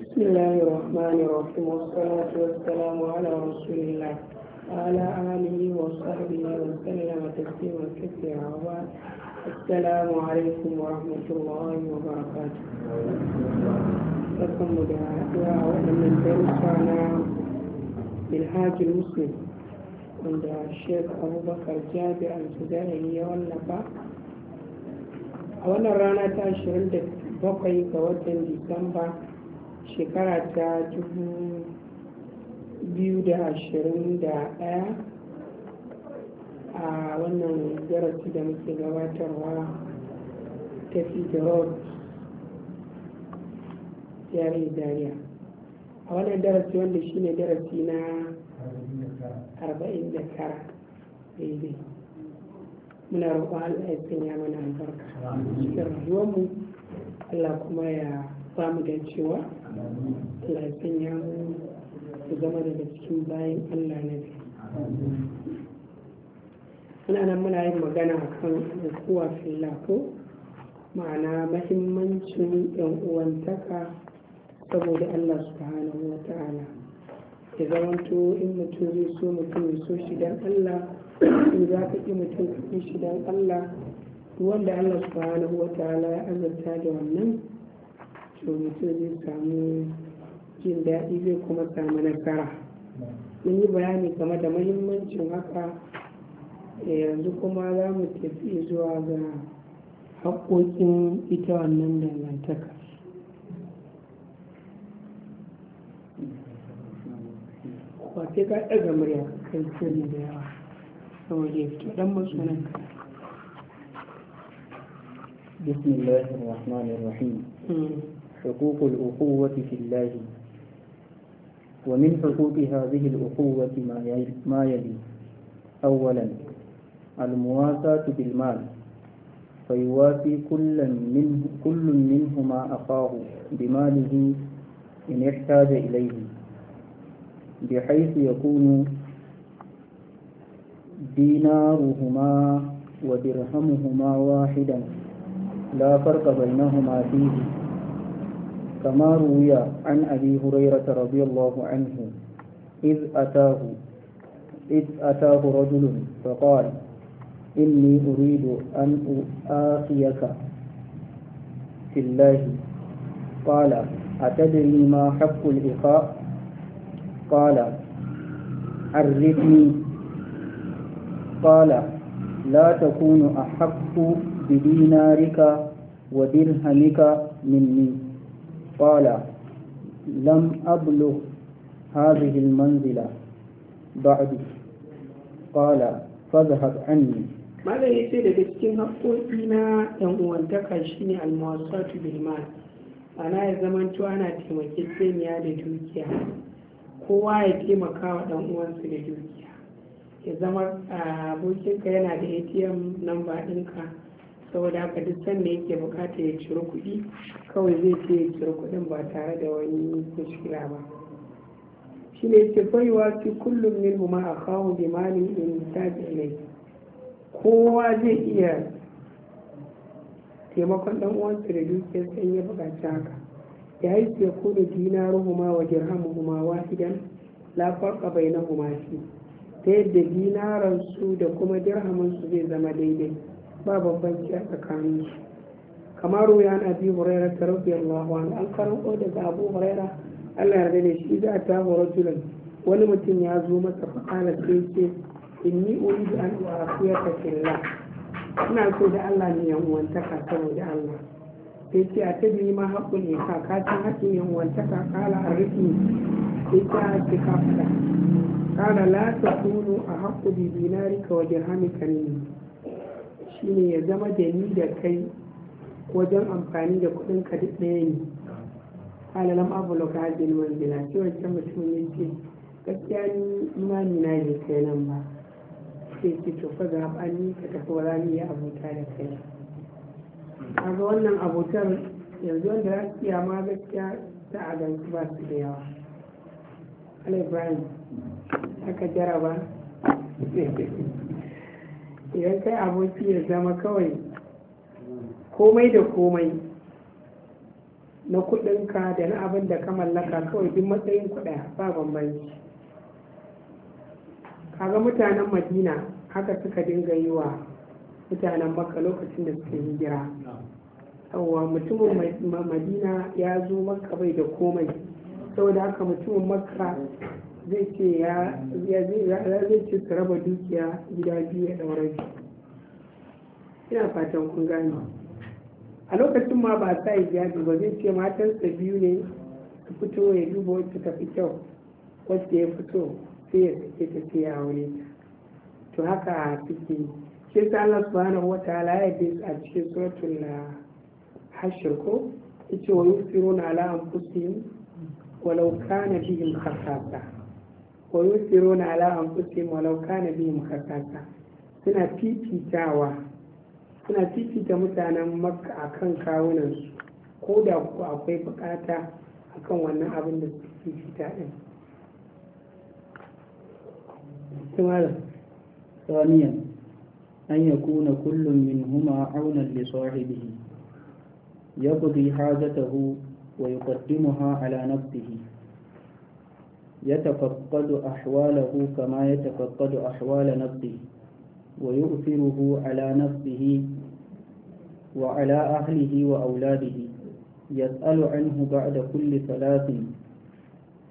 بسم الله الرحمن الرحيم والصلاة والسلام على رسول الله وعلى آله وصحبه وسلم تسليما كثيرا السلام عليكم ورحمة الله وبركاته لكم دعاء وأن درسنا بالهاج المسلم عند الشيخ أبو بكر جابر الجزائري يوم نبا. أولا رانا ta 25 bakwai ga watan disamba shekara ta dubu biyu da ashirin da ɗaya a wannan darasi da muke gabatarwa ta road yare zariya a wannan darasi wanda shine darasi na 49 daidai muna roƙon allah ya mana albarka cikin rayuwarmu Allah kuma ya samu cewa lafin ya zama daga cikin bayan Allah na muna nan muna yin magana kan alkuwa fillako ma'ana mahimmancin yan uwantaka saboda Allah hana wa ta'ala ya to in mutum zai so mutum ya so shi Allah in za ka ƙi mutum ka so shi dan Allah wanda allah subhanahu wa ta'ala ya azurta da wannan to mutum zai samu jin daɗi zai kuma samu nasara mun yi bayani game da mahimmancin haka eh, yanzu kuma za mu tafi zuwa ga haƙoƙin ita wannan dangantaka ba sai ka ɗaga murya kai sirri da yawa saboda ya fito masu nan ka بسم الله الرحمن الرحيم حقوق الأخوة في الله ومن حقوق هذه الأخوة ما يلي أولا المواساة بالمال فيواسي كل من كل منهما أخاه بماله إن احتاج إليه بحيث يكون دينارهما ودرهمهما واحدا لا فرق بينهما فيه كما روي عن أبي هريرة رضي الله عنه إذ أتاه إذ أتاه رجل فقال إني أريد أن أؤاخيك في الله قال أتدري ما حق الإخاء قال عرفني قال لا تكون أحق بدينارك ودرهمك مني قال لم أبلغ هذه المنزلة بعد قال فاذهب عني malam ya ce daga cikin haƙoƙi na yan uwantaka shine almuwasatu bil mal ana ya na ana taimakekeniya da dukiya kowa ya taimaka wa ɗan uwansa da dukiya ya zama abokinka yana da atm namba ɗinka saboda haka duk sanda yake bukata ya ciro kuɗi kawai zai ce ya ciro kuɗin ba tare da wani mushkila ba shi ne ce baiwa fi kullum min mu a kawo bimanin in taji ilai kowa zai iya taimakon ɗan uwansa da dukiyar sai ya bukaci haka ya yi ce ko da dinaruhuma wa idan wahidan la farqa bainahuma fi ta yadda dinaransu da kuma dirhamansu zai zama daidai ba bambanci a tsakanin su kamar ruwa na bi huraira ta Allah wa an an karanto da abu huraira allah ya da shi za ta horo julan wani mutum ya zo masa fa'ala sai ce inni uridu an u'afiyaka fillah ina so da allah ne yan uwantaka saboda allah sai ce a ta bi ma haƙƙun ne ka ka san haƙƙin yan uwantaka kala a rufe sai ta haƙƙi ka faɗa kala la ta kunu a haƙƙu bibinari ka wajen dirhamika ne shine ya zama da ni da kai wajen amfani da kuɗin ka duk ɗaya ne alalam abu jini hajjin manzila ce wancan mutum ya ce gaskiya ni imani na yi kai nan ba sai ce to fa ga ni ka tafi wa ya abota da kai a ga wannan abotar yanzu wanda za su iya ma gaskiya ta a gansu ba su da yawa ala ibrahim aka jaraba idan kai aboki ya zama kawai komai da komai na kudinka da na abin da ka mallaka kawai duk matsayin kuɗa ba bambanci kaga mutanen madina haka suka dinga yi wa mutanen maka lokacin da suka gira. awa mutumin madina ya zo maka bai da komai saboda haka mutumin maka zai ce ya zai ce su raba dukiya gida biyu ya ɗaura biyu ina fatan kun gane a lokacin ma ba sa yi hijabi ba zai ce matansa biyu ne su fito ya duba wacce ta fi kyau wacce ya fito sai ya sake ta ce ya aure to haka suke shi sa Allah subhanahu wa ta'ala ya bi a cikin suratul hashr ko yace wa yusiruna ala anfusihim walau kana bihim khasasa wa yusiruna ala anfusihim walau kana bihim khasasa suna fifitawa suna fifita mutanen makka akan kawunan su ko da ku akwai bukata akan wannan abin da suke fifita din ثانيا أن يكون كل منهما عونا لصاحبه يقضي حاجته ويقدمها على نفسه يتفقد أحواله كما يتفقد أحوال نفسه ويؤثره على نفسه وعلى أهله وأولاده يسأل عنه بعد كل صلاة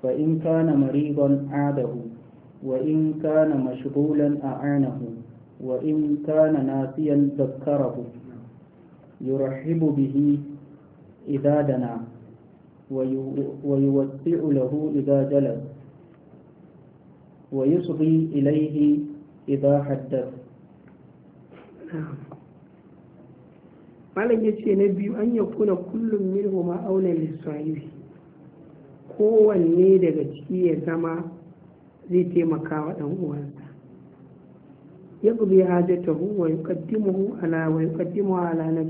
فإن كان مريضا عاده وإن كان مشغولا أعانه وإن كان ناسيا ذكره يرحب به إذا دنا ويوسع له إذا جلس ويصغي إليه إذا حدث malam ya ce na biyu an ya kuna kullum minhu ma'aunan lissahibi kowanne daga ciki ya zama zai taimaka wa ɗan uwansa ya gubi hajjatahu wa yuqaddimuhu ala wa yuqaddimuhu ala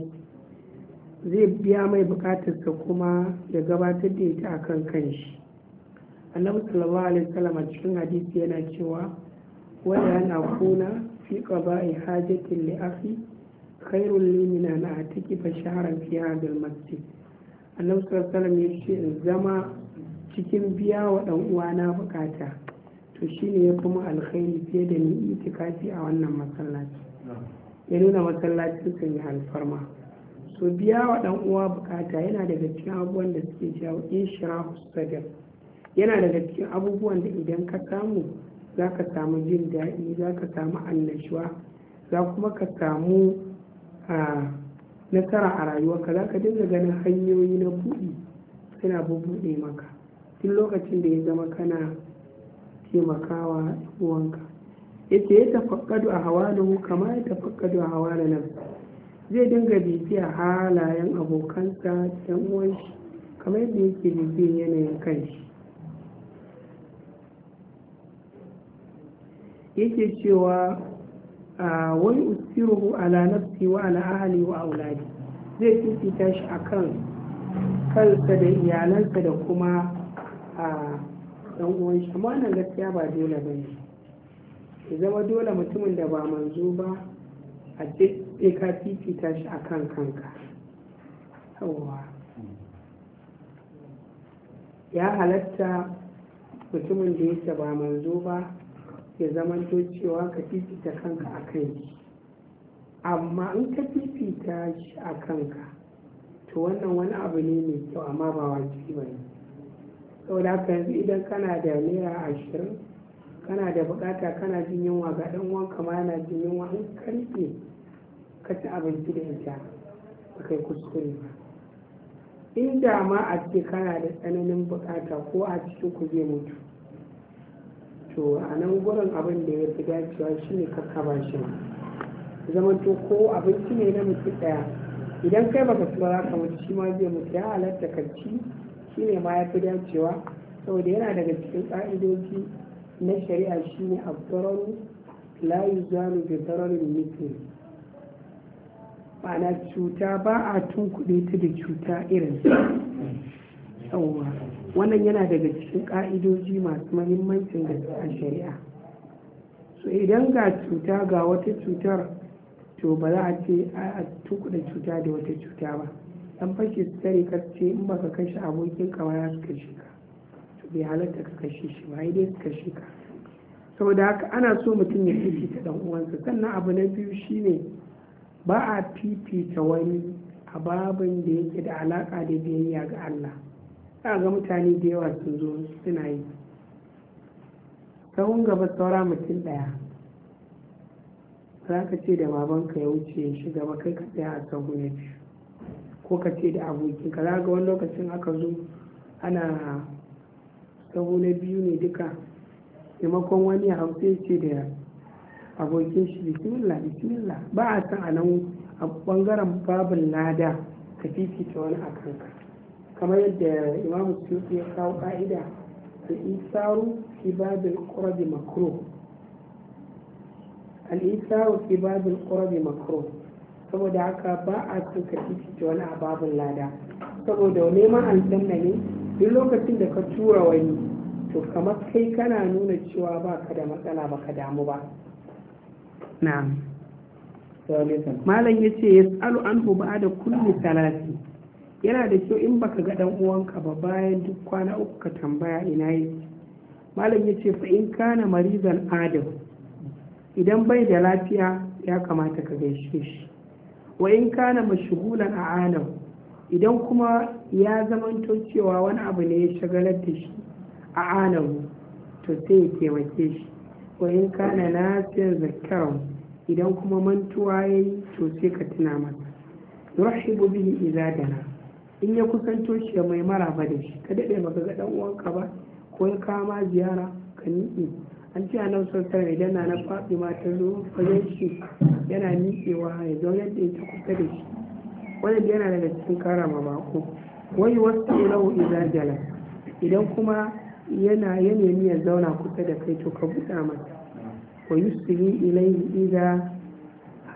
zai biya mai bukatarsa kuma ya gabatar da ita akan kanshi annabi sallallahu alaihi wasallam a cikin hadisi yana cewa wanda yana kuna fi qada'i hajatin li akhi khairul li min an fa shahran fi hadha masjid annabi sallallahu alaihi wasallam ya ce in zama cikin biya wa dan uwa na bukata to shine ya kuma alkhairi fiye da ni itikafi a wannan masallaci ya nuna masallacin sun yi alfarma to biya wa dan uwa bukata yana daga cikin abubuwan da suke jawo su sadar yana daga cikin abubuwan da idan ka samu za ka samu jin daɗi za ka samu annashuwa za kuma ka samu nasara a rayuwarka za ka dinga ganin hanyoyi na buɗi suna bubuɗe maka tun lokacin da ya zama kana taimakawa uwanka yake ya tafakkadu a mu kama ya tafakkadu a hawala nan zai dinga bibiya halayen abokansa yan uwanshi kamar yadda yake bibiyan yanayin kanshi yake cewa ah, wai wani usiru nafsi wa ala ahli wa auladi zai fifita shi kan kansa da iyalansa da kuma a ah, ɗan'uwan shi amma wannan gaskiya ba dole ba ne ya zama dole mutumin da ba manzo ba a ce sai ka fifita shi kan kanka ya halatta mutumin da yake ba manzo ba ya zamanto cewa ka fifita kanka a kan shi amma in ka fifita shi a kanka to wannan wani abu ne mai kyau amma ba wajibi ba ne saboda haka yanzu idan kana da naira ashirin kana da bukata kana jin yunwa ga dan uwan kama yana jin yunwa in ka rike ka ci abinci da ita ba kai kuskure ba da ma a ce kana da tsananin bukata ko a cikin ku zai mutu to a nan gurin abin da ya fi dacewa shi ne kakkaba shi zaman to ko abinci ne na mutu daya idan kai baka ka ba za ka mutu shi ma zai mutu ya halatta karci shi ne ma ya fi dacewa saboda yana daga cikin ƙa'idoji na shari'a shi ne tsoron layu zanu bi dararin mutu ma'ana cuta ba a tun kuɗi ta da cuta irin yawwa wannan yana daga cikin ka'idoji masu mahimmancin gaske a shari'a so idan ga cuta ga wata cutar to ba za a ce a tukuda cuta da wata cuta ba dan fashe su tare ka ce in baka kashe abokin ka ba su kashe ka to bai halatta ka kashe shi ba dai su kashe ka saboda haka ana so mutum ya fifita dan uwansa sannan abu na biyu shine ba a fifita wani a babin da yake da alaƙa da biyayya ga Allah za ga mutane da yawa sun zo suna yi sahun gaba saura mutum daya za ka ce da babanka ya wuce ya shiga ba kai ka tsaya a sahu ya biyu ko ka ce da abokinka za ga wani lokacin aka zo ana sahu na biyu ne duka taimakon wani ya hau sai ce da abokin shi bismillah bismillah ba a san a nan a bangaren babin lada ka fifita wani a kanka kamar yadda imam suyuti ya kawo ka'ida da isaru fi babil qurbi makruh saboda haka ba a cin karfi fito wani a lada saboda neman aljanna ne duk lokacin da ka tura wani to kamar kai kana nuna cewa ba ka da matsala ba ka damu ba na'am malam yace an anhu da kulli salati yana da kyau in baka ga dan uwanka ba bayan duk kwana uku ka tambaya ina yi. malam ya ce fa in kana marizan adam idan bai da lafiya ya kamata ka gaishe shi wa in kana mashghulan a alam idan kuma ya zamanto cewa wani abu ne ya shagalar da shi a alam to sai ya taimake shi wa in kana nasiyar zakkar idan kuma mantuwa ya yi to sai ka tuna masa yurhibu bihi idza dana in ya kusanto shi da mai maraba da shi ka daɗe baka ga ɗan uwanka ba ko ya kama ziyara ka niƙe an ce nan sosai idan na na faɗi ma ta zo fagen shi yana niƙewa ya zaunar yadda ita kusa da shi wannan yana daga cikin karama bako wai wasu ilahu idan jala idan kuma yana ya nemi ya zauna kusa da kai to ka buɗa mata wa yusri ilaihi idan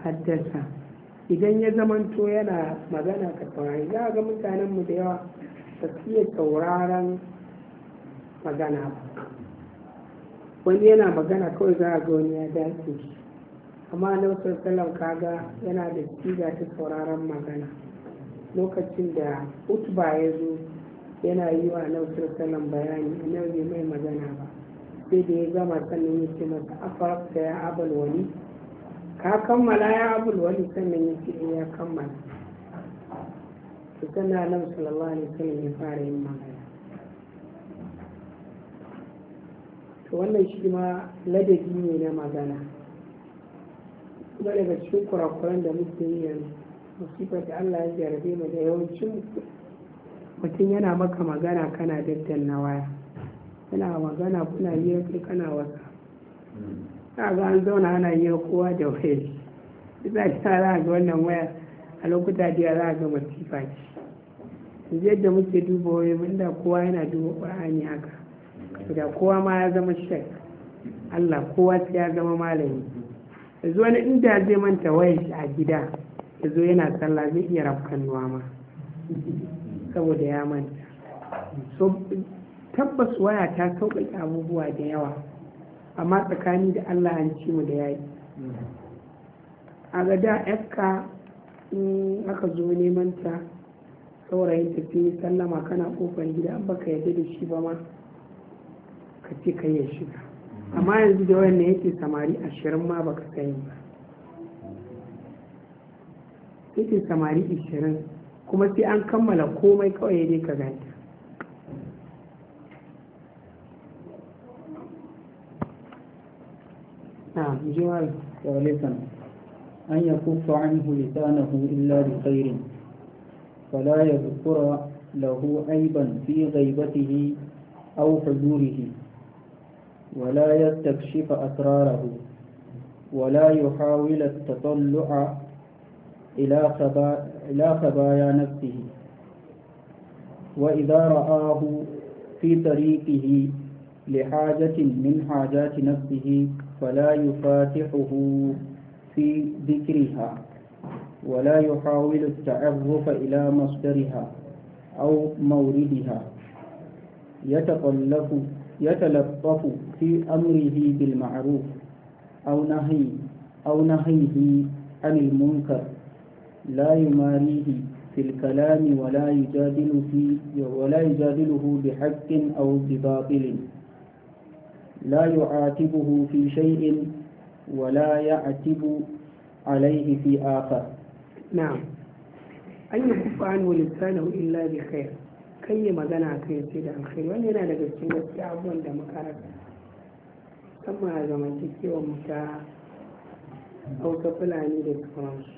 haddasa idan ya zamanto yana magana ka za a ga mutanenmu da yawa ba su iya sauraron magana ba wani yana magana kawai za a ga wani ya dace amma na wasu kaga yana da siga ta sauraron magana lokacin da ba ya zo yana yi wa na wasu bayani na nan mai magana ba sai da ya gama sannan ya ce masa afarka ya abal wani ka kammala ya abul wali sannan ya ce ya kammala ta sannan nan sallallahu alaihi wasallam ya fara yin magana to wannan shi ma ladabi ne na magana kuma daga cikin kurakuran da muke yi yanzu musibar da Allah ya jarabe mu da yawancin mutum yana maka magana kana na waya yana magana kuna yi kai kana wasa hmm. na ga an zauna ana yi kowa da waya ita ta za ga wannan waya a lokuta da za ga masifa ce yadda muke duba waya inda kowa yana duba ƙur'ani haka da kowa ma ya zama shek Allah kowa sai ya zama malami yanzu wani inda zai manta wayar shi a gida zo yana sallah zai iya rafkan nuwa ma saboda ya manta tabbas waya ta sauƙaƙe abubuwa da yawa amma tsakani da allah an ci mu da yayi a ga da yakka in aka zo neman ta saurayin tafi sallama kana kofar gida an baka yadda da shi ba ma ka ce ka shiga amma yanzu da wannan yake samari ashirin ma baka sayi ba yake samari ashirin kuma sai an kammala komai kawai dai ka gani نعم جواز ثالثا أن يكف عنه لسانه إلا بخير فلا يذكر له عيبا في غيبته أو حضوره ولا يستكشف أسراره ولا يحاول التطلع إلى خبايا نفسه وإذا رآه في طريقه لحاجة من حاجات نفسه فلا يفاتحه في ذكرها ولا يحاول التعرف إلى مصدرها أو موردها يتطلف يتلطف في أمره بالمعروف أو نهي أو نهيه عن المنكر لا يماريه في الكلام ولا يجادل في ولا يجادله بحق أو بباطل لا يعاتبه في شيء ولا يعتب عليه في آخر نعم an yi kufa an wani sanahu illa bi khair kai yi magana kai sai da alkhairi wani yana daga cikin gaskiya abubuwan da muka rasa zamantakewar mu ta fulani da sauransu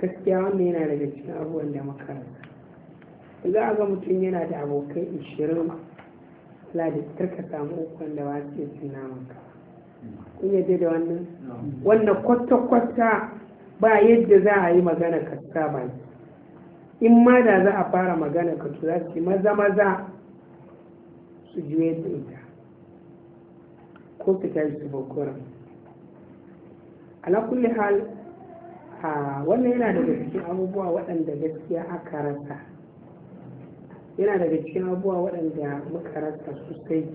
gaskiya wannan yana daga cikin abubuwan da muka rasa za mutum yana da abokai ishirin ladi karka samu uku da wasu ke cin naman kun yadda da wannan wannan kwata-kwata ba yadda za a yi magana ka ba in ma da za a fara magana ka to za su yi maza maza su juye da ita ko su tashi su bakwara. ala kulli hal wannan yana daga cikin abubuwa waɗanda gaskiya aka rasa yana daga cikin abubuwa waɗanda muka rasa sosai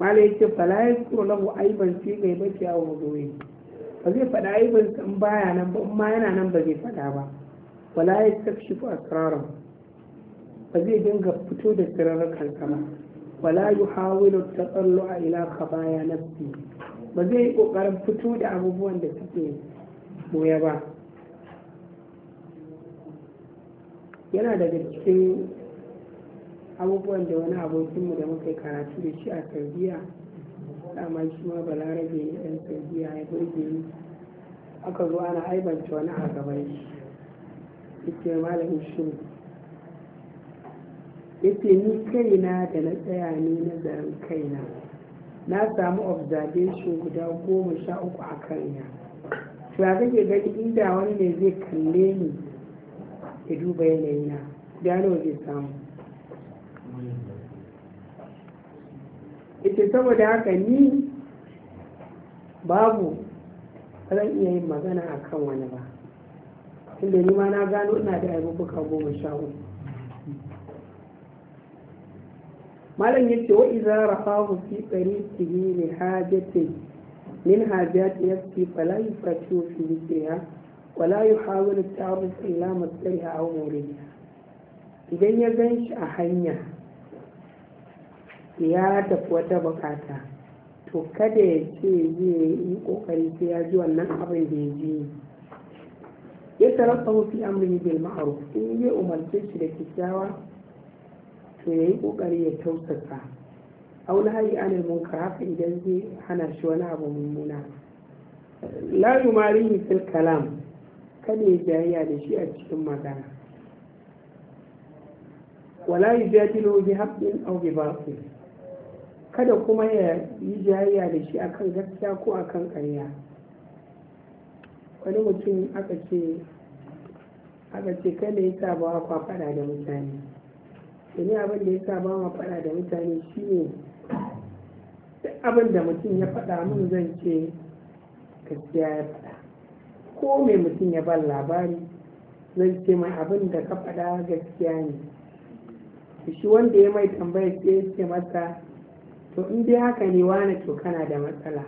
malai yake fala ya kuro lahu aiban fi gai mafi a wazoyi ba zai faɗa aiban in baya nan ba in ma yana nan ba zai faɗa ba fala ya tafshi a asrarar ba zai dinga fito da sirarrakan sama wala yu hawilu a ila na fi ba zai yi kokarin fito da abubuwan da suke boye ba yana daga cikin abubuwan da wani abokinmu da muka yi karatu da shi a saudiya dama shi ma balarabe ne ɗan saudiya ya burge ni aka zo ana aibanta wani a gaban shi ita malamin shi. ita ni kaina da na tsaya ne nazarin kaina na samu observation guda goma sha uku a kaina to ya kake gani inda wani ne zai kalle ni ya duba yanayina gano zai samu ita saboda haka ni babu zan iya yin magana a kan wani ba tunda ni ma na gano ina da aibubuka goma sha uku malam ya ce wa iza rafahu fi tariqihi ne hajjate min fi falayi fala wa fi dhikriha wala yuhawilu at-ta'arruf ila masdariha a wurin idan ya ganshi a hanya ya tafi wata bukata to kada ya ce zai yi kokari sai ya ji wannan abin da ya ji ya tarafa fi amri bil ma'ruf in ya umarce shi da kyakkyawa to ya yi kokari ya tausasa A wani an al munkar haka idan zai hana shi wani abu mummuna la yumarihi fil kalam kada ya jayya da shi a cikin magana wala yujadilu bi haqqin aw bi batil kada kuma ya yi jayayya da shi akan gaskiya ko akan ƙarya wani mutum aka ce aka ce kada ya sa ba kwa faɗa da mutane ne abin da ya sa ba ma faɗa da mutane shi ne duk abin da mutum ya faɗa mun zan ce gaskiya ya faɗa ko mai mutum ya ban labari zan ce mai abin da ka faɗa gaskiya ne shi wanda ya mai tambaya ce ya ce masa to in dai haka ne wani to kana da matsala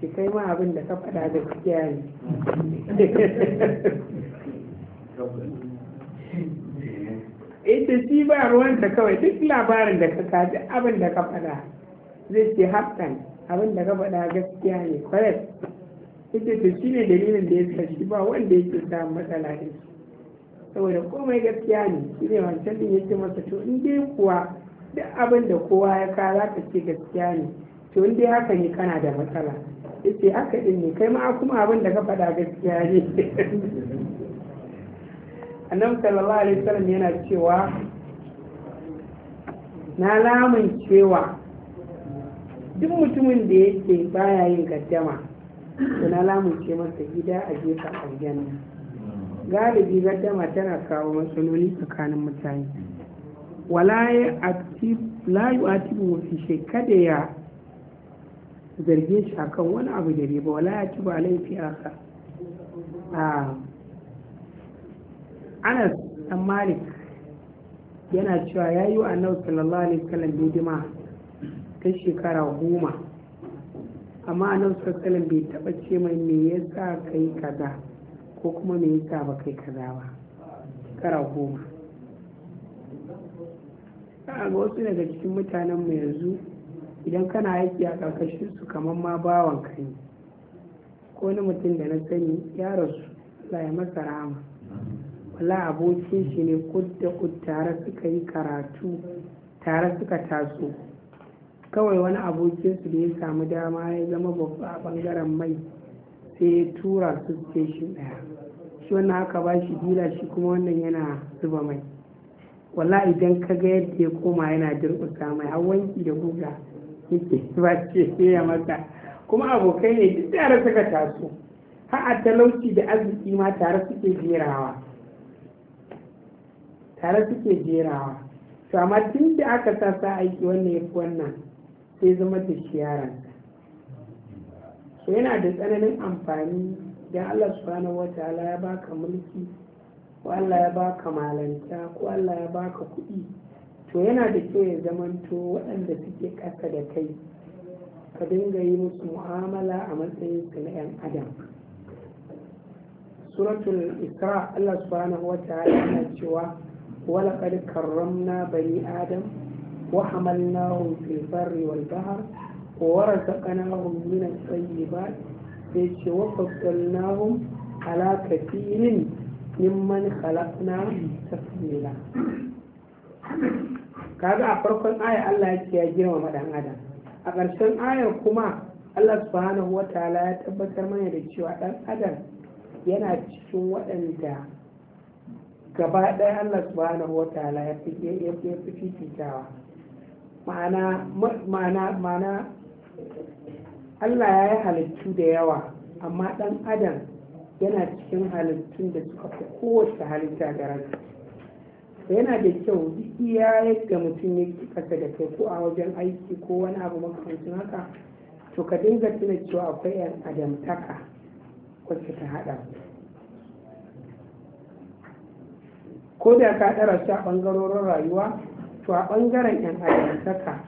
ki kai ma abin da ka faɗa da gaskiya ne ita eh, shi ba ruwanta kawai duk labarin da ka kaji abin da ka faɗa zai ce haƙƙan abin da ka faɗa gaskiya ne kwarai ita ce shi ne dalilin da ya sa shi ba wanda yake samun matsala da saboda komai gaskiya ne shi ne wancan din yake masa to in dai kuwa duk abin da kowa ya ka za ka ce gaskiya ne to in dai haka ne kana da matsala yace haka din ne kai ma kuma abin da ka faɗa gaskiya ne annabi sallallahu alaihi wasallam yana cewa na lamun cewa duk mutumin da yake baya yin gaddama to na lamun ce masa gida a gefen aljanna galibi gaddama tana kawo matsaloli tsakanin mutane wala yu atibu fi shay ya zarge shi akan wani abu da ba wala ya ci ba laifi aka ah. anas dan malik yana cewa ya yi wa annabi sallallahu alaihi wasallam hidima ta shekara goma amma annabi sallallahu alaihi wasallam bai taba ce mai me yasa kai kaza ko kuma me yasa ba kai kaza ba shekara goma a ga wasu daga cikin mutanen mu yanzu idan kana aiki a ƙarƙashin su kamar ma bawan kai ko wani mutum da na sani ya rasu Allah ya masa rahama wala abokin shi ne kudda kud tare suka yi karatu tare suka taso kawai wani abokin su da ya samu dama ya zama babba a bangaren mai sai ya tura su station daya shi wannan haka ba shi dila shi kuma wannan yana zuba mai walla idan ka ga yadda ya koma yana durƙusa mai hawanki da guga yake ba ce ya mata kuma abokai ne duk tare suka taso har talauci da arziki ma tare suke jerawa tare suke jerawa to amma tun da aka sa sa aiki wannan ya fi wannan sai zama da shiyaran so yana da tsananin amfani don allah subhanahu wa ta'ala ya baka mulki ko Allah ya baka malanta ko Allah ya baka kuɗi to yana da kyau ya zamanto waɗanda suke ƙasa da kai ka dinga yi musu mu'amala a matsayin su na 'yan adam suratul isra Allah subhanahu wa ta'ala yana cewa adam ولقد كرمنا بني آدم وحملناهم في البر والبحر ورزقناهم من الطيبات فوفضلناهم على كثير mimman khalaqna tafsila kaga a farkon aya Allah yake ya girmama madan adam a ƙarshen ayar kuma Allah subhanahu wataala ya tabbatar mana da cewa dan adam yana cikin waɗanda gaba ɗaya Allah subhanahu wataala ya fi ya fi fifitawa ma'ana ma'ana ma'ana Allah ya yi halittu da yawa amma ɗan adam yana cikin halittun da suka fi kowace halitta daraja yana da kyau duk iya yadda mutum ya kasa da kai ko a wajen aiki ko wani abu makamancin haka to ka dinga tuna cewa akwai yan adamtaka wacce ta haɗa ko da ka dara a ɓangarorin rayuwa to a ɓangaren yan adamtaka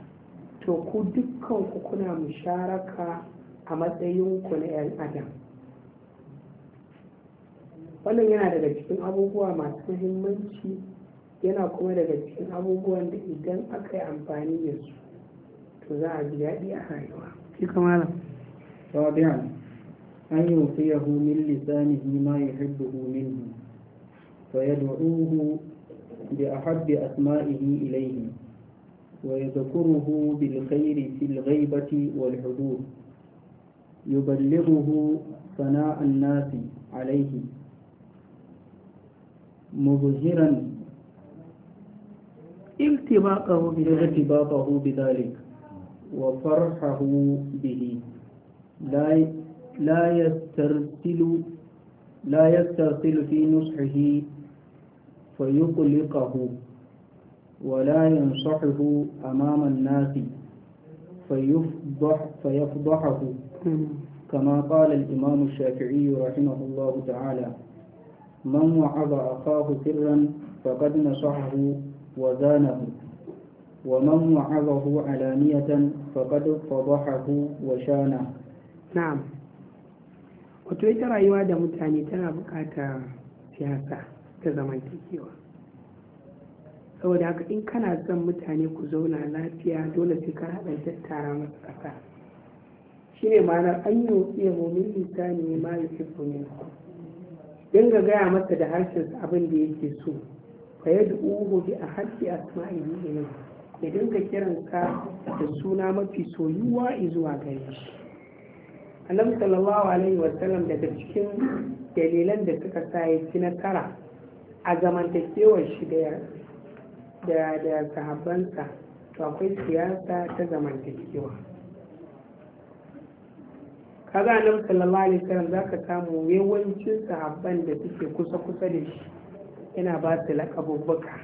to ku dukkan ku kuna musharaka a matsayinku na yan adam wannan yana daga cikin abubuwa masu muhimmanci yana kuma daga cikin abubuwan da idan aka yi amfani da su to za a ji daɗi a rayuwa shi kamala rabi'an an yi wafiyahu min lisanihi ma yuhibbuhu minhu fa yad'uhu bi ahabbi asma'ihi ilayhi wa yadhkuruhu bil khairi fil ghaibati wal hudur yuballighuhu sana'an nasi alaihi. مظهرا التباقه ارتباطه بذلك وفرحه به لا لا يسترسل لا يسترسل في نصحه فيقلقه ولا ينصحه أمام الناس فيفضح فيفضحه كما قال الإمام الشافعي رحمه الله تعالى من وعظ أخاه سرا فقد نصحه وزانه ومن وعظه علانية فقد فضحه وشانه نعم wato ita rayuwa da mutane tana bukata تزمان ta sau da haka in kana son mutane ku zauna lafiya dole sai ka haɗa tattara masu ƙasa shi ne ma'anar an yi wa tsaye momin ne ma yi fi dinga gaya masa da harshen abin da yake so fa yad'uhu bi ahaddi asma'ihi ilayhi ya dinga kiransa da suna mafi soyuwa zuwa gare shi annabi sallallahu alaihi sallam daga cikin dalilan da suka sa ya ci tara a zamantakewar shi da sahabbansa to akwai siyasa ta zamantakewa kaga nan sallallahu alaihi wasallam zaka samu yawancin sahabban da suke kusa kusa da shi yana ba su laƙabubbuka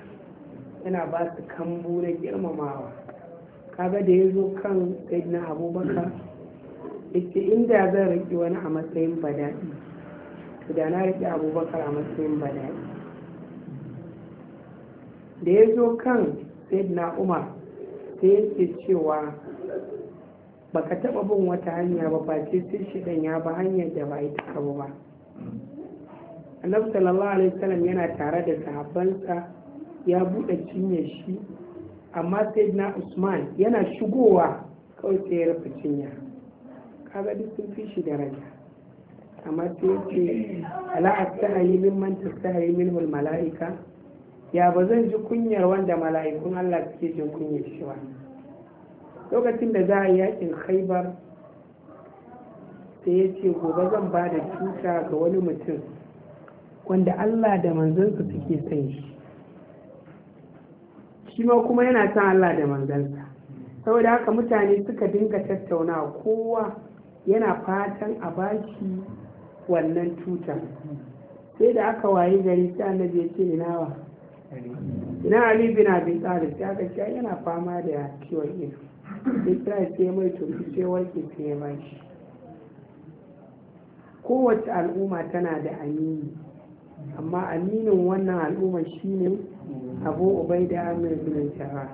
yana ba su kambu na girmamawa kaga da ya zo kan sayyidina abubakar ita inda zan riƙe wani a matsayin badaɗi to da na riƙe abubakar a matsayin badaɗi da ya zo kan sayyidina umar sai yake cewa baka ka taɓa bin wata hanya ba face sai shidan ya ba hanyar da ba ita ka ba annabi sallallahu alaihi wasallam yana tare da sahabbansa ya buɗe cinyar shi amma sai usman yana shigowa kawai sai ya rufe cinya kaga duk sun fi shi daraja amma sai yace ala astahi min man tastahi min mala'ika ya ba zan ji kunyar wanda mala'ikun Allah suke jin kunyar shi ba lokacin da za a yi yakin haibar sai ya ce gobe zan ba da tuta ga wani mutum wanda allah da manzansa suke son shi shi ma kuma yana son allah da manzansa saboda haka mutane suka dinga tattauna kowa yana fatan a baki wannan tutar sai da aka waye gari sai annabi ya ce ina ina ali bin abi talib sai aka yana fama da ciwon ido ce mai to shi kowace al'umma tana da amini amma aminin wannan al'umma shine abu ubai da amir bin shara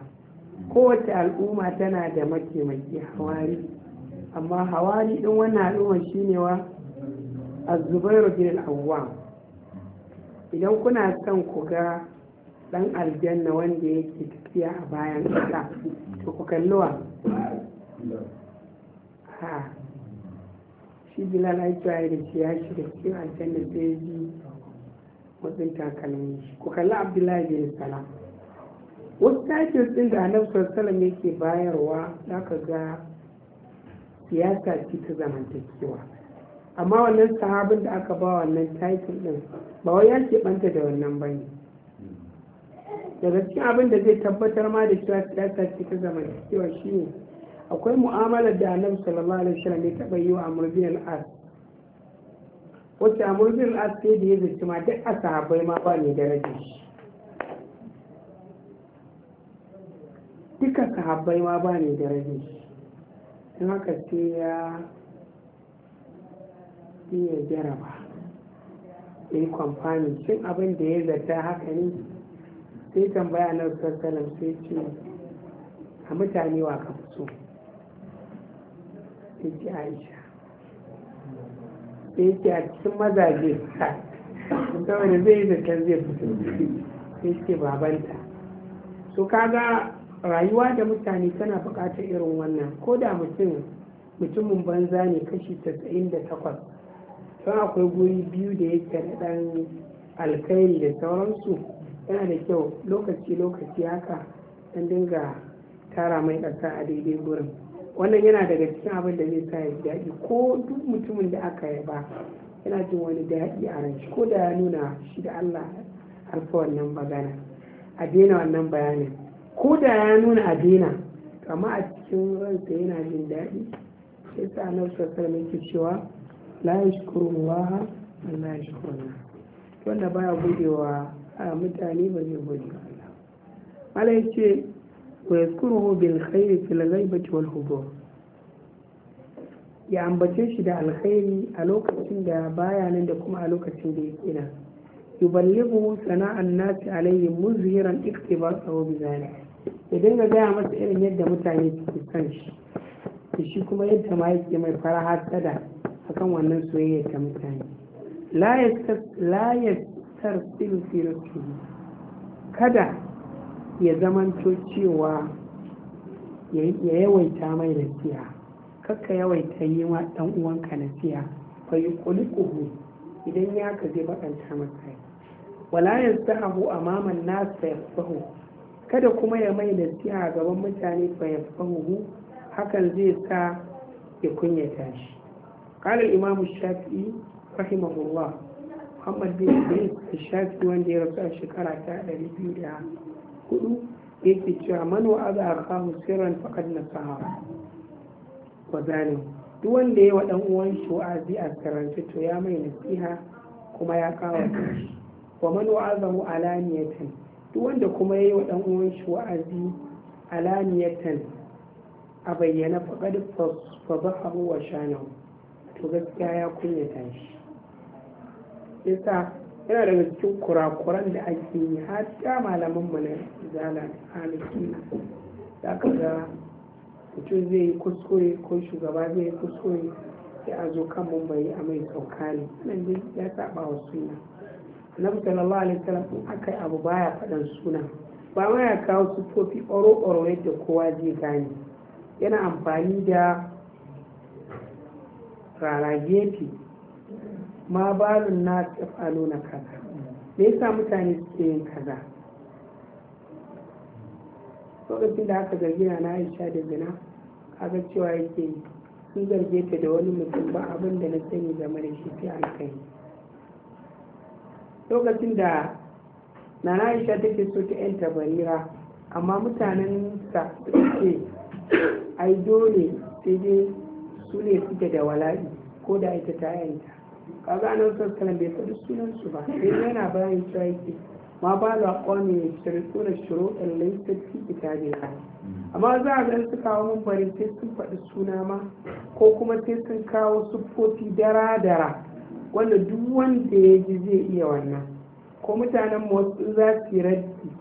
kowace al'umma tana da mataimaki hawari amma hawari din wannan al'umma shine wa azubairu bin al'awwam idan kuna son ku ga dan aljanna wanda yake tafiya a bayan ƙasa to ku kalluwa ha shi bilal aikiwa da shi ya shi cikin aljanna sai ya ji matsin takalmin shi ku kalli abdullahi bin sala wasu takin ɗin da annabi salam yake bayarwa za ka ga siyasa ce ta zamantakewa amma wannan sahabin da aka ba wannan takin ɗin ba wai ya keɓanta da wannan bane. daga cikin abin da zai tabbatar ma da cewa siyasa ce ta zamantakewa shine akwai mu'amalar da annabi sallallahu alaihi wasallam ya taba yi wa amr bin al-as wacce amr al-as sai da ya zaci ma duk asahabai ma ba ne daraja shi duka sahabbai ma ba ne daraja shi don haka sai ya iya jaraba in kwamfani cin abin da ya zata haka ne sai tambaya na sassanin sai ce a mutane wa ka fito sai ce aisha sai ce a cikin mazaje wani zai yi zaton zai fito sai ce babanta so kaga rayuwa da mutane tana buƙatar irin wannan ko da mutum mutumin banza ne kashi 98 don akwai guri biyu da yake da ɗan alkhairi da sauransu yana da kyau lokaci lokaci haka don dinga tara mai ƙasa a daidai gurin wannan yana daga cikin abin da zai sa ya daɗi ko duk mutumin da aka yaba yana jin wani daɗi a ran ko da ya nuna shi da Allah harfa wannan magana a daina wannan bayanin ko da ya nuna a daina amma a cikin ransa yana jin daɗi sai sa na sosai mai cewa la yashkurullah Allah yashkuruna wanda baya gudewa a mutane ba zai gode ba Allah Allah ce wa yazkuruhu bil khairi fil ghaibati wal hudur ya ambace shi da alkhairi a lokacin da baya nan da kuma a lokacin da yake nan yuballighu sana'an nasi alayhi muzhiran iktibasahu bi zane. ya dinga gaya masa irin yadda mutane suke san shi da shi kuma yadda ma yake mai fara hasada akan wannan soyayya ta mutane la yastarsil fi kada ya zamanto cewa ya yawaita mai nasiha kakka yawaita yi wa dan uwanka nasiha fa yuqliquhu idan ya ka zai bakanta masa wala yastahu amama an-nas ya yafahu kada kuma ya mai a gaban mutane fa yafahu hakan zai sa ya kunyata shi qala al-imam shafi'i rahimahullah muhammad bin idris shafi wanda ya rasu a shekara ta ɗari biyu da ya yake cewa aza wa'aza akahu sirran na sahara wa zalim duk wanda ya wa dan uwan shi wa'azi a sirrance to ya mai nasiha kuma ya kawo shi wa man mu alaniyatan duk wanda kuma ya yi wa dan uwan shi wa'azi alaniyatan a bayyana faqad fadahu wa shanahu to gaskiya ya kunyata shi yasa yana daga cikin kurakuran da ake yi har ya malaman mu na zala aliki za ka ga mutum zai yi kuskure ko shugaba zai yi kuskure sai a zo kan mumbayi a mai sauka ne nan dai ya saba wa suna annabi sallallahu alaihi wasallam in aka yi abu baya faɗan suna ba ma ya kawo sufofi ɓaro-ɓaro yadda kowa zai gane yana amfani da rara gefe ma balun na tsafalo na kaza me yasa mutane suke yin kaza lokacin da aka zargi na aisha da zina kaga cewa yake sun zarge ta da wani mutum ba abin da na sani game da shi sai an kai lokacin da na aisha take so ta yan tabarira amma mutanen sa suke ai dole sai dai su ne suke da wala'i ko da ita ta yanta kaga anan sassalan bai faɗi sunan su ba sai yana bayan shaiki ma ba da ƙwani ya shirko da shiro ɗan laifin kitabillah amma za a ga su kawo bari sai sun faɗi suna ma ko kuma sai sun kawo siffofi dara-dara wanda duk wanda ya ji zai iya wannan ko mutanen motsi za su yi raddi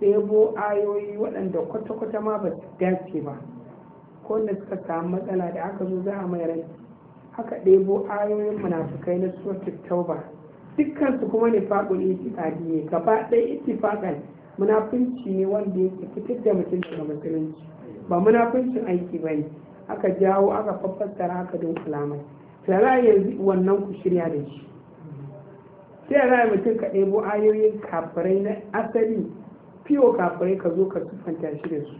ɗebo ayoyi waɗanda kwata-kwata ma ba su dace ba ko wanda suka samu matsala da aka zo za a mai raddi aka ɗebo ayoyin munafukai na suratul tauba dukkan kuma ne faɗin itikadi ne gaba ɗaya itifakan munafunci ne wanda yake fitar da mutum daga musulunci ba munafuncin aiki ba ne aka jawo aka faffassara aka don kalamai tara yanzu wannan ku shirya da shi sai ra'ayi mutum ka ɗebo ayoyin kafirai na asali fiyo kafirai ka zo ka siffanta shi da su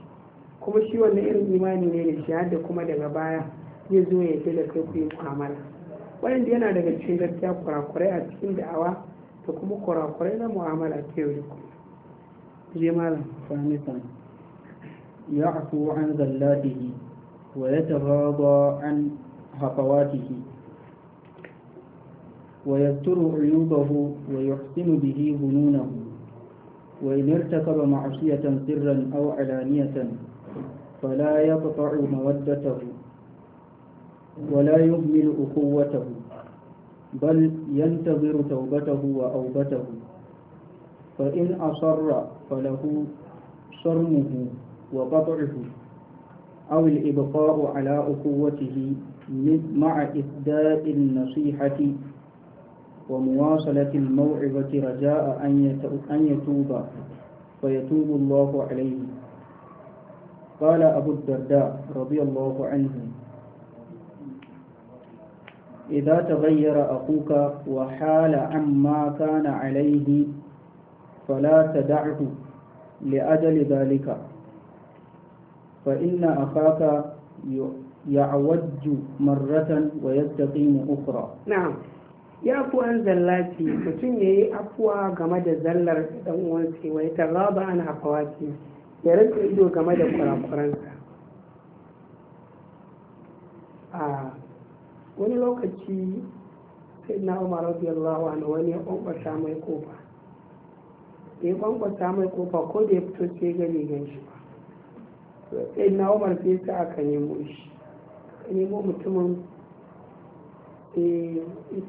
kuma shi wannan irin imani ne da shi da kuma daga baya zai zo ya yadda da kai ku yi mu'amala wanda yana daga cikin gaskiya kurakurai a cikin da'awa da kuma kurakurai na mu'amala ta yau da kullum je malam fahimtan ya'fu an zallatihi wa yatarada an hafawatihi ويستر عيوبه ويحسن به ظنونه وإن ارتكب معصية سرا أو علانية فلا يقطع مودته ولا يهمل أخوته بل ينتظر توبته وأوبته فإن أصر فله صرمه وقطعه أو الإبقاء على أخوته مع إهداء النصيحة ومواصلة الموعظة رجاء أن يتوب فيتوب الله عليه قال أبو الدرداء رضي الله عنه إذا تغير أخوك وحال عما كان عليه فلا تدعه لأجل ذلك فإن أخاك يعوج مرة ويستقيم أخرى نعam ya fi an zallaci mutum ya yi afuwa game da zallar dan uwansa wa ya tarraba an hafawaki ya rage ido game da wani lokaci sai na umar radiyallahu anhu wani ya kwankwasa mai kofa ya kwankwasa mai kofa ko da ya fito sai gani gan shi ba sai na umar sai sa aka nemo shi aka nemo mutumin sai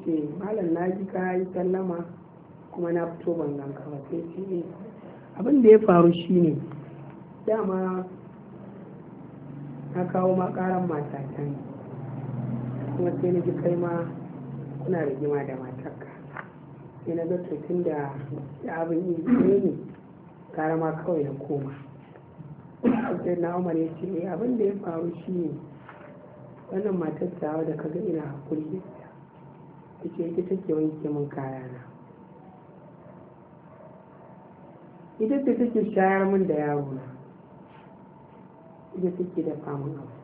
ce malam na ji ka yi sallama kuma na fito ban ganka ba sai ce eh. abin da ya faru shine dama na kawo makaran matata ne kuma sai na ji kai ma kuna rigima da matarka sai na ga tun da abin yi ne gara ma kawai na koma sai na umar ya ce eh abin da ya faru shi ne wannan matar tawa da kaga ina hakuri da ita ta ce ita take wanke min kayana ita ce take shayar min da yaro na ita take da famun abu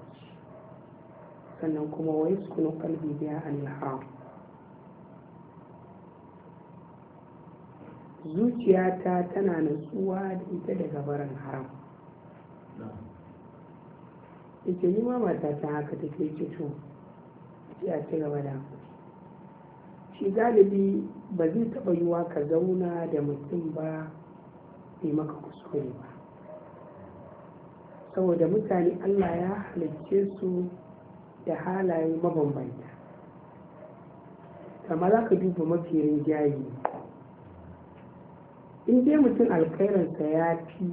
sannan kuma wa yaskunu qalbi biha anil haram zuciyata tana nutsuwa da ita daga barin haram ita yi ma mata ta haka take fito ta ya ci gaba da shi galibi ba zai taɓa yiwa ka zauna da mutum ba mai maka kuskure ba saboda mutane allah ya halicce su da halaye mabambanta amma za ka duba mafi jayi in dai mutum alkhairinsa ya fi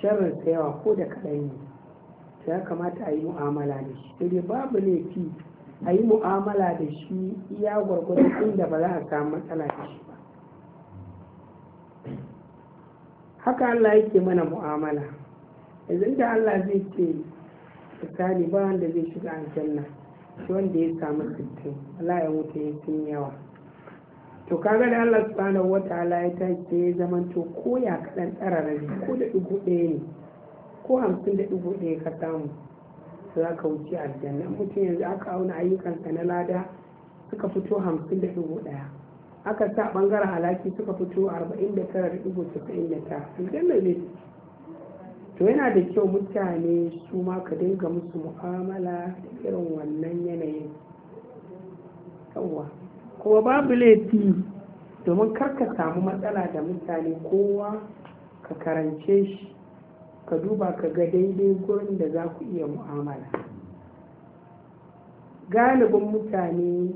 sharrinsa yawa ko da kaɗan ne to ya kamata a yi mu'amala da shi dai babu laifi a yi mu'amala da shi ya gwargwadon inda ba za a samu matsala da shi ba haka Allah yake mana mu'amala yanzu da Allah zai ce misali ba wanda zai shiga aljanna shi wanda ya samu sittin Allah ya wuce ya sun yawa to kaga da Allah subhanahu wataala ya ta ke zaman to ko ya kaɗan tsara rabi ko da dubu ɗaya ne ko hamsin da dubu ɗaya ka samu za ka wuce aljanna mutum yanzu aka auna ayyukansa na lada suka fito hamsin da dubu ɗaya aka sa ɓangaren halaki suka fito arba'in da tara da dubu casa'in da ta aljanna ne to yana da kyau mutane su ma ka dinga musu mu'amala da irin wannan yanayin kuma babu laifi domin karka samu matsala da mutane kowa ka karance shi ka duba ka ga daidai gurin da za ku iya mu'amala galibin mutane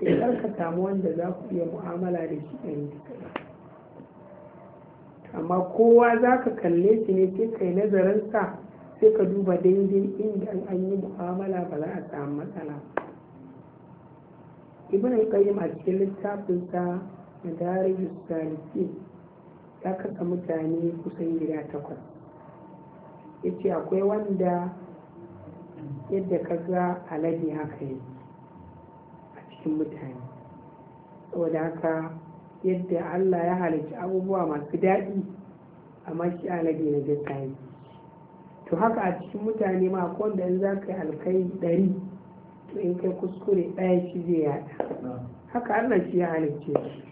da karka samu wanda za ku iya mu'amala da shi a amma kowa za ka kalle shi ne sai kai nazarin sa sai ka duba daidai inda an yi mu'amala ba za a samu matsala ibn al-qayyim a cikin littafin sa madarijus salikin ya kasa mutane kusan gida takwas ya ce akwai wanda yadda ka ga alade haka yi a cikin mutane saboda haka yadda Allah ya halicci abubuwa masu daɗi amma shi alade na jin to haka a cikin mutane ma ko wanda in za ka yi alkai ɗari to in kai kuskure ɗaya shi zai yada haka Allah shi ya halicce shi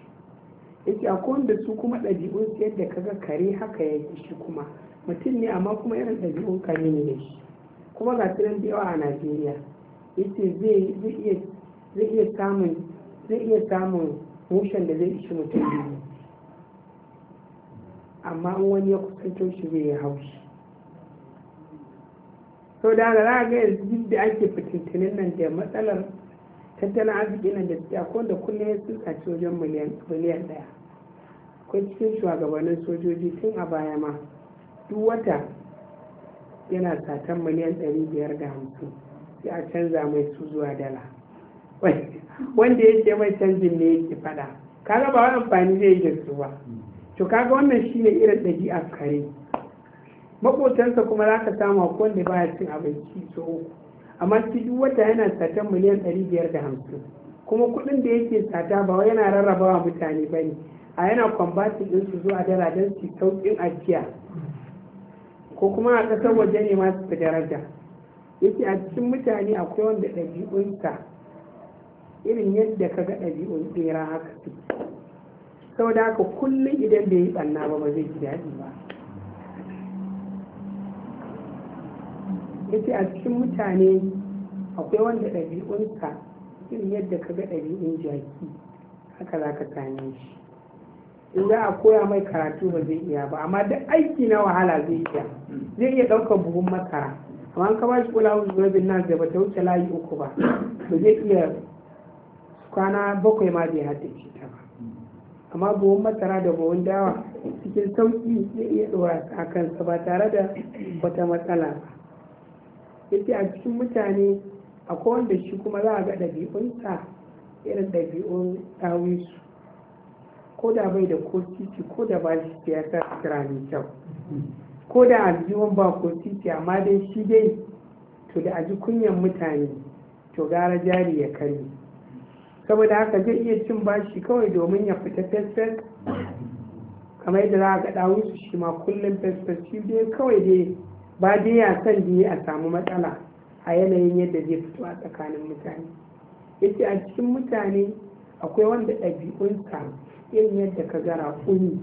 yake a wanda su kuma ɗabi'un su yadda kaga kare haka ya shi kuma mutum ne amma kuma irin ɗabi'un kare ne da shi kuma ga da yawa a Najeriya yace zai iya samun zai iya samun mushen da zai ishi mutum biyu amma in wani ya kusanto shi zai yi haushi sau da za ga yanzu da ake fitintunin nan da matsalar tattalin arziki nan da suke akwai da kullum ya tsuka ci wajen miliyan daya akwai cikin shugabannin sojoji tun a baya ma duk wata yana satan miliyan ɗari biyar da hamsin sai a canza mai su zuwa dala wanda yake mai canjin ne yake fada kaga ba wani amfani zai yi da su ba to kaga wannan shine irin a kare makotansa kuma za ka samu kowanne ba ya cin abinci so amma shi duk wata yana satan miliyan ɗari biyar da hamsin kuma kuɗin da yake sata ba wai yana wa mutane ba ne a yana kwambatin ɗin su zuwa dala don su sauƙin ajiya ko kuma a ƙasar waje ne masu fi daraja yake a cikin mutane akwai wanda ɗabi'unsa irin yadda ka ga ɗabi'un tsera haka sau da haka kullum idan bai yi ɓanna ba ba zai ji daɗi ba yace a cikin mutane akwai wanda ɗabi'unsa irin yadda ka ga ɗabi'un jaki haka za ka same shi in za a koya mai karatu ba zai iya ba amma da aiki na wahala zai iya zai iya ɗaukar buhun makara, amma an ka ba shi kula wani nan da ba ta wuce layi uku ba ba zai iya kwana bakwai ma bai shi ta ba amma buhun masara da buhun dawa cikin sauƙi zai iya ɗora a kansa ba tare da wata matsala ba yake a cikin mutane akwai wanda shi kuma za a ga ɗabi'unsa irin ɗabi'un ɗawisu ko da bai da ko titi ko da ba shi ya sa sutura mai kyau ko da aljihun ba ko titi amma dai shi dai to da ji kunyan mutane to gara jari ya karye saboda haka zai iya cin bashi kawai domin ya fita fesfes kamar yadda za a ga shi ma kullum fesfes shi dai kawai dai ba dai ya san da a samu matsala a yanayin yadda zai fito a tsakanin mutane yace a cikin mutane akwai wanda ɗabi'unsa irin yadda ka gara kuni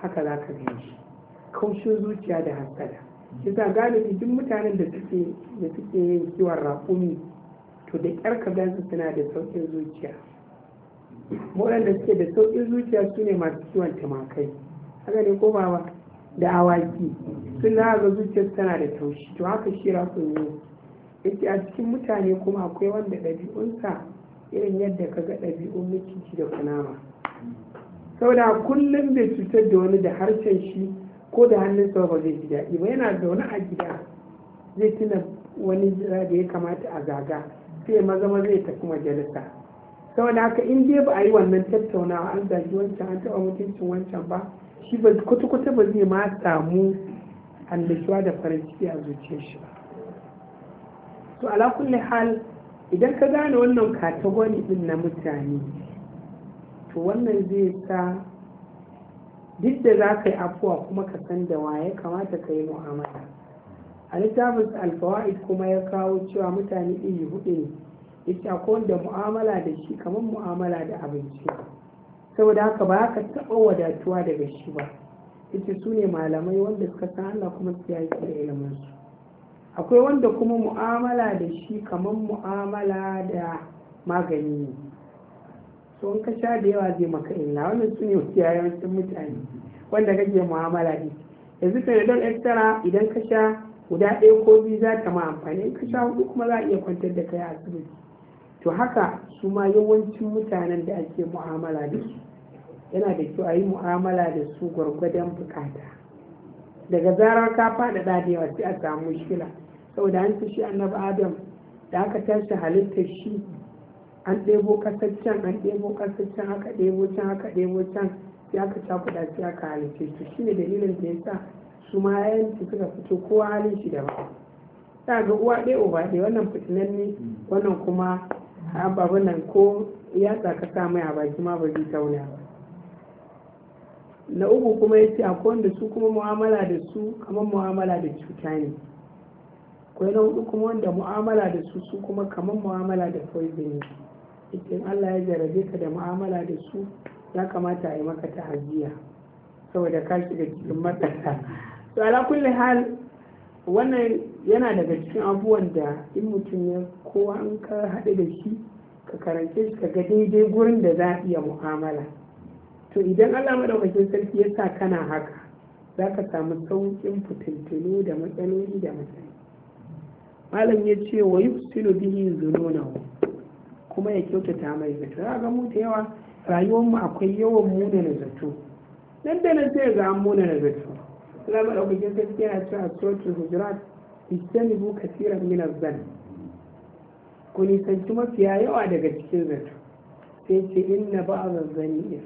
haka za ka gan shi kaushin zuciya da hasada yasa galibi duk mutanen da suke da suke yin kiwon raƙumi to da ƙyar ka gansu suna da sauƙin zuciya waɗanda suke da sauƙin zuciya su ne masu kiwon tumakai haka ne ko ba da awaki sun na ga zuciyar tana da taushi to haka shi rakun ne yake a cikin mutane kuma akwai wanda ɗabi'unsa irin yadda ka ga ɗabi'un miciji da kunama saboda kullum bai cutar da wani da harshen shi ko da hannunsa ba zai ji daɗi ba yana zaune a gida zai tuna wani da ya kamata a zaga sai maza maza ta tafi majalisa saboda haka in dai ba a yi wannan tattaunawa an zagi wancan an taɓa mutuncin wancan ba shi ba kwata-kwata ba zai ma samu annashuwa da farin a zuciyar shi ba to ala kulli hal idan ka gane wannan katagoni din na mutane to wannan zai sa duk da za ka yi afuwa kuma ka san da waye kamata ka yi mu'amala a littafin alfawa'id kuma ya kawo cewa mutane iri hudu ne ita ko da mu'amala da shi kamar mu'amala da abinci saboda haka ba ka taɓa wadatuwa daga shi ba ita su ne malamai wanda suka san Allah kuma su yi da iliminsu akwai wanda kuma mu'amala da shi kamar mu'amala da magani ne to in ka sha da yawa zai maka illa wannan su ne wasu yawancin mutane wanda kake mu'amala da yanzu don extra idan ka sha guda ɗaya ko biyu za ta ma amfani ka sha hudu kuma za a iya kwantar da kai a asibiti to haka su ma yawancin mutanen da ake mu'amala da su yana da kyau a yi mu'amala da su gwargwadon bukata daga zarar ka ɗa da yawa sai a samu shila. saboda an fi shi annabi adam da aka tashi halittar shi an ɗebo ƙasar can an ɗebo ƙasar can aka ɗebo can aka ɗebo can sai aka cakuɗa sai aka halitta to shine dalilin da ya sa su ma yayin su suka fito kowa halin shi daban ta ga uwa ɗaya uba ɗaya wannan fitinan ne wannan kuma ababen nan ko ya tsaka sa mai a baki ma ba zai tauna ba na uku kuma ya ce akwai wanda su kuma mu'amala da su kamar mu'amala da cuta ne akwai na hudu kuma wanda mu'amala da su su kuma kamar mu'amala da poison ne idan allah ya jarabe ka da mu'amala da su ya kamata a yi maka ta'aziyya saboda ka shiga cikin matsala to ala kulli hal wannan yana daga cikin abubuwan da in mutum ya kowa an ka haɗu da shi ka karance shi ka ga daidai gurin da za a iya mu'amala to idan allah madaukakin sarki ya sa kana haka za ka samu sauƙin fitintunu da matsaloli da matsaloli malam ya ce wa yi yufsilu bihi zununahu kuma ya kyautata mai zato za ga mu da yawa rayuwar mu akwai yawan muna na zato nan da nan sai ga an muna na zato Allah madaukakin ya yana cewa suratul hujurat istanibu kasiran min az zan. ku nisanci mafiya yawa daga cikin zato sai ce ba a zanzani zanni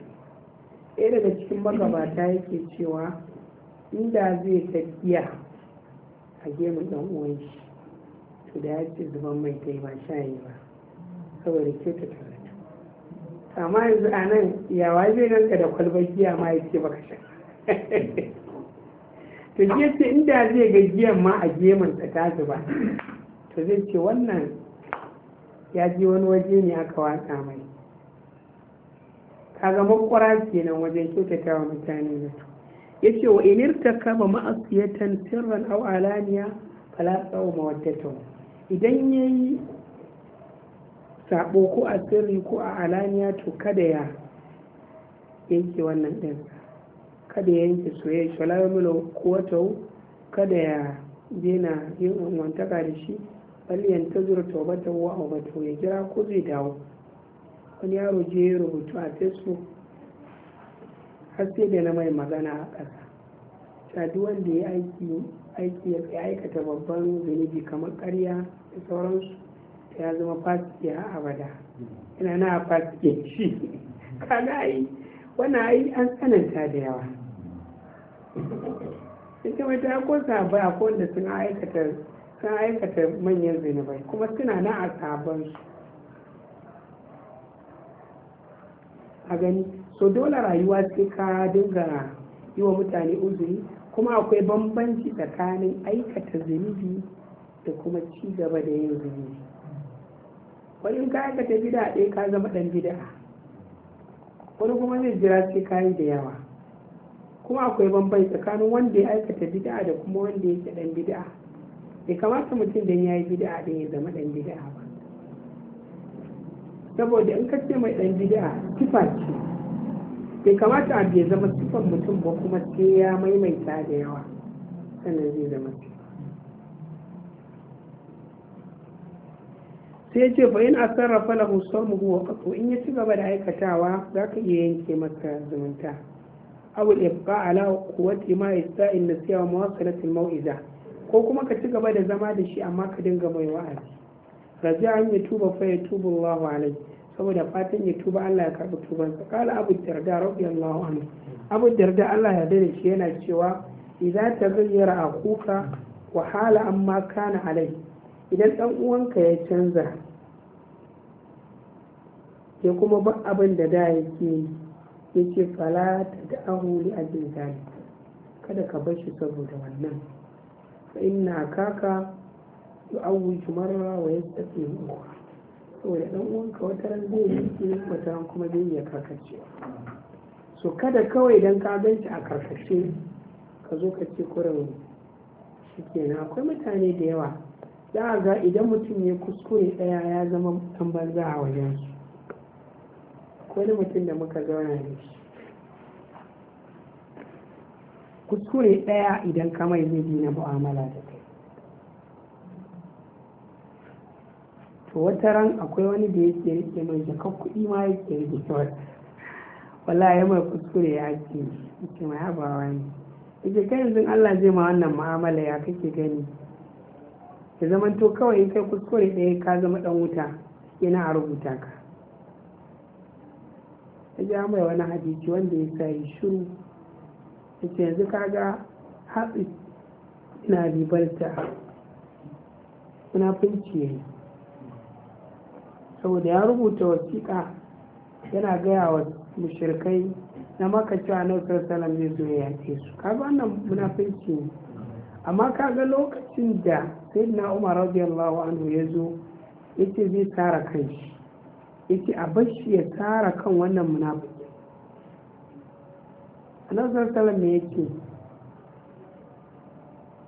ɗaya daga cikin magabata yake cewa inda zai tafiya a gemun dan uwan shi to da ya ce zuban mai kai ba shayi ba saboda kyauta ta zata amma yanzu a nan yawa zai ranka da kwalbar giya ma ya ce baka sha to ce inda zai ga giyan ma a geman ta ba ta zai ce wannan ya je wani waje ne aka watsa mai ka kaga makwara kenan wajen ta wa mutane da ya ce wa inir ta kama ma'asiyatan sirran au alaniya fala tsawo mawaddata idan ya yi sabo ko a sirri ko a alaniya to kada ya yanke wannan ɗinsa kada ya yanke soye wala ya mula kada ya dena yin wantaka da shi bali ta zura taubata wa aubata ya jira ko zai dawo wani yaro je ya rubutu a facebook har sai da na mai magana a ƙasa shaɗu wanda ya aiki ya aikata babban zunubi kamar ƙarya da sauransu ya zama fasiya a abada ina na fasiya shi kana yi wannan ai an tsananta da yawa ita wata ta ko sabai a wanda sun aikata sun aikata manyan zinubai kuma suna na a sabon su a gani so dole rayuwa sai ka dinga yi wa mutane uzuri kuma akwai bambanci tsakanin aikata zunubi da kuma ci gaba da yin zunubi wani ka aikata bida ɗaya ka zama ɗan bida wani kuma zai jira sai ka da yawa kuma akwai bambai tsakanin wanda ya aikata bid'a da kuma wanda yake dan bid'a bai kamata mutum ya yi bid'a da ya zama dan bid'a ba saboda in ka ce mai dan bid'a tifa ce bai kamata a bai zama tifan mutum ba kuma sai ya maimaita da yawa sannan zai zama sai ya ce fa in asarrafa lahu sawmuhu wa qatu in ya ci gaba da aikatawa za ka iya yanke masa zumunta aw ibqa ala quwwati ma yasta'in nasiha wa muwasalat al mau'iza ko kuma ka ci gaba da zama da shi amma ka dinga mai wa'azi raja an yi tuba fa ya tuba Allah alai saboda fatan ya tuba Allah ya karɓi tuban sa. kala abu darda radiyallahu anhu abu darda Allah ya dade shi yana cewa idza taghayyara akuka wa hala amma kana alai idan dan uwanka ya canza ya kuma ba abin da da yake ya ce fala da ahu li ajin zalik kada ka bar shi saboda wannan fa inna kaka awu jumarra wa yastati ukhra saboda dan uwanka wata ran zai yi ne wata ran kuma zai iya karkace so kada kawai dan ka gan shi a karkace ka zo ka ce kurin shi kenan akwai mutane da yawa za a ga idan mutum ya kuskure daya ya zama ɗan banza a wajen su wani mutum da muka zauna da shi kuskure ɗaya idan ka mai zai na mu'amala da kai to wata ran akwai wani da yake rike mai jakar kuɗi ma yake rike kyau wala ya mai kuskure ya ce yake mai habawa ne yake kai yanzu Allah zai ma wannan mu'amala ya kake gani ya zama to kawai kai kuskure ɗaya ka zama ɗan wuta yana a rubuta ka ya ja mai wani hadisi wanda ya sayi shuru ya ce yanzu kaga hatsi na ribarta suna ya yi saboda ya rubuta wasiƙa yana gaya wa mushirkai na maka cewa na Salam zai zo ya yace su kaga wannan munafinci ne amma kaga lokacin da sayyidina umar radiyallahu anhu ya zo yace zai tsara kanshi yake a bashi ya tara kan wannan munafiki annabi sallallahu salam me yake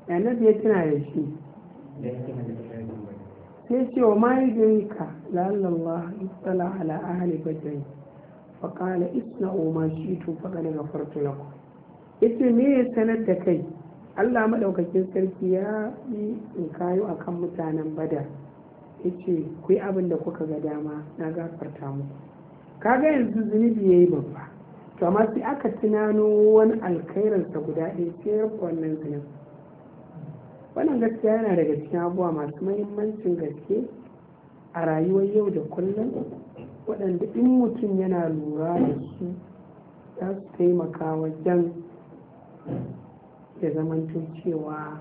yana ya tana da shi sai ce wa mahaifiyarka lallallah isala ala ahli badai faƙala isna ma shi tun faɗa daga farko laku ita me ya sanar da kai allah maɗaukakin sarki ya yi in kayo akan mutanen badar yace ku yi abin da kuka ga dama na gafarta muku kaga yanzu zunubi ya yi babba to amma sai aka tunano wani alkhairinsa guda ɗaya sai ya wannan zunubi wannan gaskiya yana daga cikin abubuwa masu mahimmancin gaske a rayuwar yau da kullum waɗanda in mutum yana lura da su za su taimaka wajen ya zamanto cewa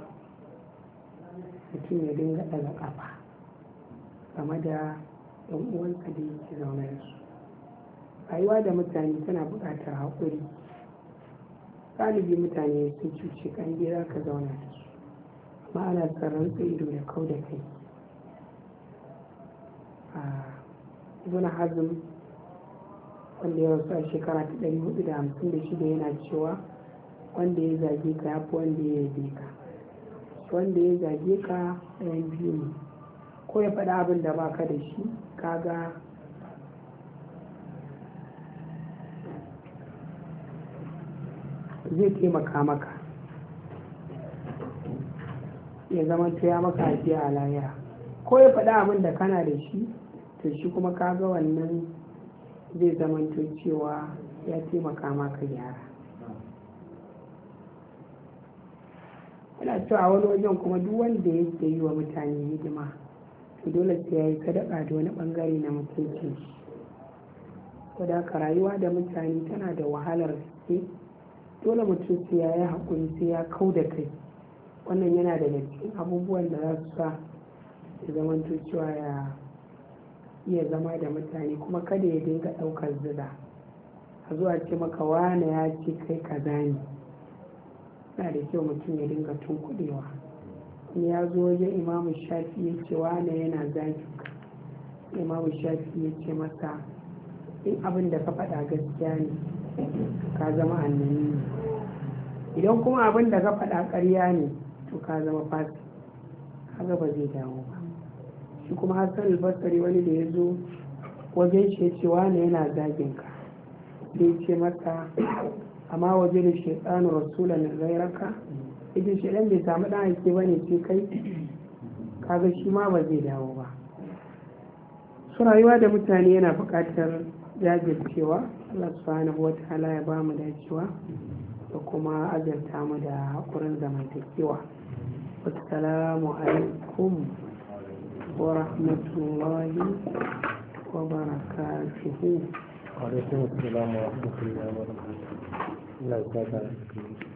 mutum ya dinga ɗaga ƙafa game da yan da yake zaune da su rayuwa da mutane tana buƙatar haƙuri galibi mutane sun cuce kan gida ka zauna da su amma ana tsaron ido da kau da kai zuna hazin wanda ya rasu a shekara ta ɗari hudu da hamsin da shida yana cewa wanda ya zage ka ya fi wanda ya yabe ka wanda ya zage ka ɗayan biyu ne ko ya faɗi abin da baka da shi kaga zai taimaka maka ya zama ya maka ajiya a lahira ko ya faɗi abin da kana da shi to shi kuma kaga wannan zai zama cewa ya taimaka maka gyara ina cewa wani wajen kuma duk wanda yake yi wa mutane hidima dole sai ya yi sadaka da wani bangare na mutunci saboda rayuwa da mutane tana da wahalar suke dole mutum sai ya yi haƙuri sai ya kau da kai wannan yana da cikin abubuwan da za su sa ya zama cewa ya iya zama da mutane kuma kada ya dinga ɗaukar zida a zuwa ce maka wane ya ce kai kaza ne na da kyau mutum ya dinga tun kuɗewa ya zo wajen imamu shafi ya ce wane yana zafi imamu shafi ya ce masa in abin da ka faɗa gaskiya ne ka zama annabi ne idan kuma abin da ka faɗa ƙarya ne to ka zama fasi haka ba zai dawo ba shi kuma hassan albasari wani da ya zo wajen shi ya ce wane yana zagin ka sai ce masa amma waje da shaitanu rasulan gairaka idan shi dan bai samu ɗan haske ba ce kai kaga shi ma ba zai dawo ba su rayuwa da mutane yana buƙatar jajircewa Allah subhanahu wa ta'ala ya ba dacewa da kuma azanta mu da haƙurin zamantakewa assalamu alaikum wa rahmatullahi wa barakatuhu wa alaikum wa rahmatullahi wa barakatuhu